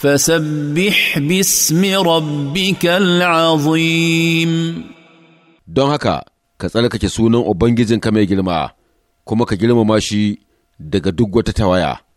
فسبح باسم ربك العظيم don haka ka tsarkake sunan Ubangijinka mai girma kuma ka girmama shi daga duk wata tawaya.